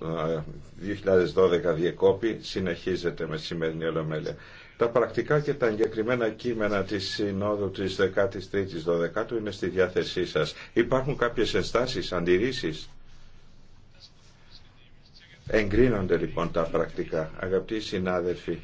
2012 διεκόπη συνεχίζεται με σημερινή ολομέλεια. Τα πρακτικά και τα εγκεκριμένα κείμενα της Συνόδου της 13ης 12ου είναι στη διάθεσή σας. Υπάρχουν κάποιες ενστάσεις, αντιρρήσεις. Εγκρίνονται λοιπόν τα πρακτικά. Αγαπητοί συνάδελφοι,